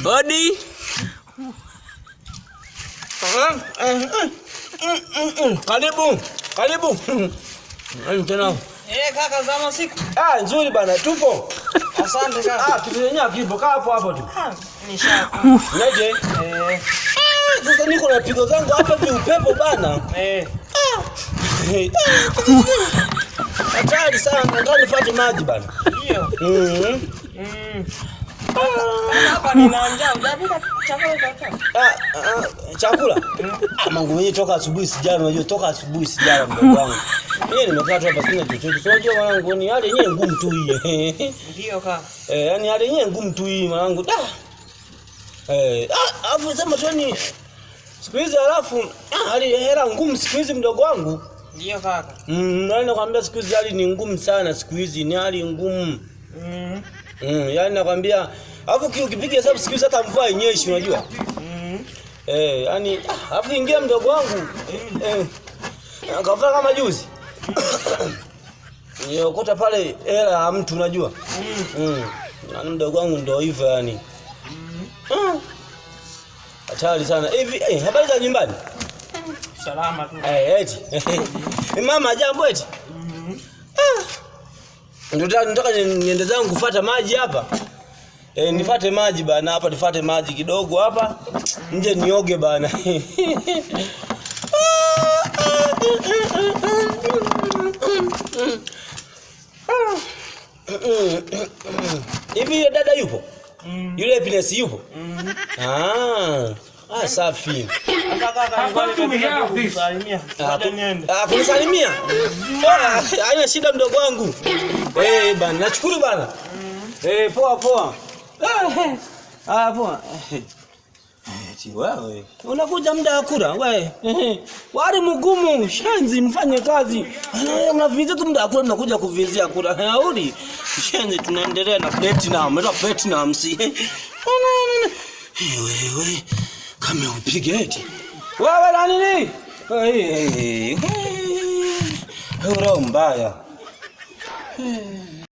Buddy. Karibu. Karibu. Hayo tena. Eh, kaka zama siku. Ah, nzuri bana, tupo. Asante kaka. Ah, kitu yenyewe kipo kaa hapo hapo tu. Ah, Nishaku. Neje? Eh. Ah, sasa niko na pigo zangu hapa hivi upepo bana. Eh. eh. Hatari sana, ndio nifuate maji bana. Ndio. Mhm. Mhm. Chakula ah, ah, mangu mimi toka asubuhi sijala, unajua toka asubuhi sijala mdogo wangu. Mimi nimekaa tu hapa sina chochote. Unajua mwanangu ni hali yenyewe ngumu tu hii. Ndio kaka. Eh, yani hali yenyewe ngumu tu hii mwanangu. Da. Eh, ah, afu sema tu ni siku hizi alafu hali hela ngumu siku hizi mdogo wangu. Ndio kaka. Mm, nakwambia siku hizi hali ni ngumu sana, siku hizi ni hali ngumu. Mm. Mm, yani nakwambia Alafu ukipiga hesabu siku hizi hata mvua inyeshi unajua. Mm-hmm. Eh, yani ah, alafu ingia mdogo wangu. Eh. eh Akavaa kama juzi. Niokota pale hela ya mtu unajua. Mm-hmm. Mm. Na yaani mdogo wangu ndio hivyo yani. Mm. Hatari sana. Hivi eh, eh, habari za nyumbani? Salama tu. Eh, eh eti. Mama jambo eti. Mm. Ah. Ndio nataka niende zangu kufuata maji hapa. E, nifate maji bana hapa, nifate maji kidogo hapa nje nioge bana. Hivi yule dada yupo? Mm. Yule Happiness yupo? Mm. Ah. Ah, safi. Kunisalimia? Ah, haina shida mdogo wangu. Eh, bana, nashukuru bana. Eh, poa poa hapo eh, Eti eh. ah, eh, wewe unakuja muda wa kura we, wali mgumu shenzi, mfanye kazi. Unavizia tu muda wa kura, mnakuja kuvizia kura hauli shenzi. Tunaendelea na platinum, na platinum si wewe, kama upige eti wewe na nini wewe, roho mbaya.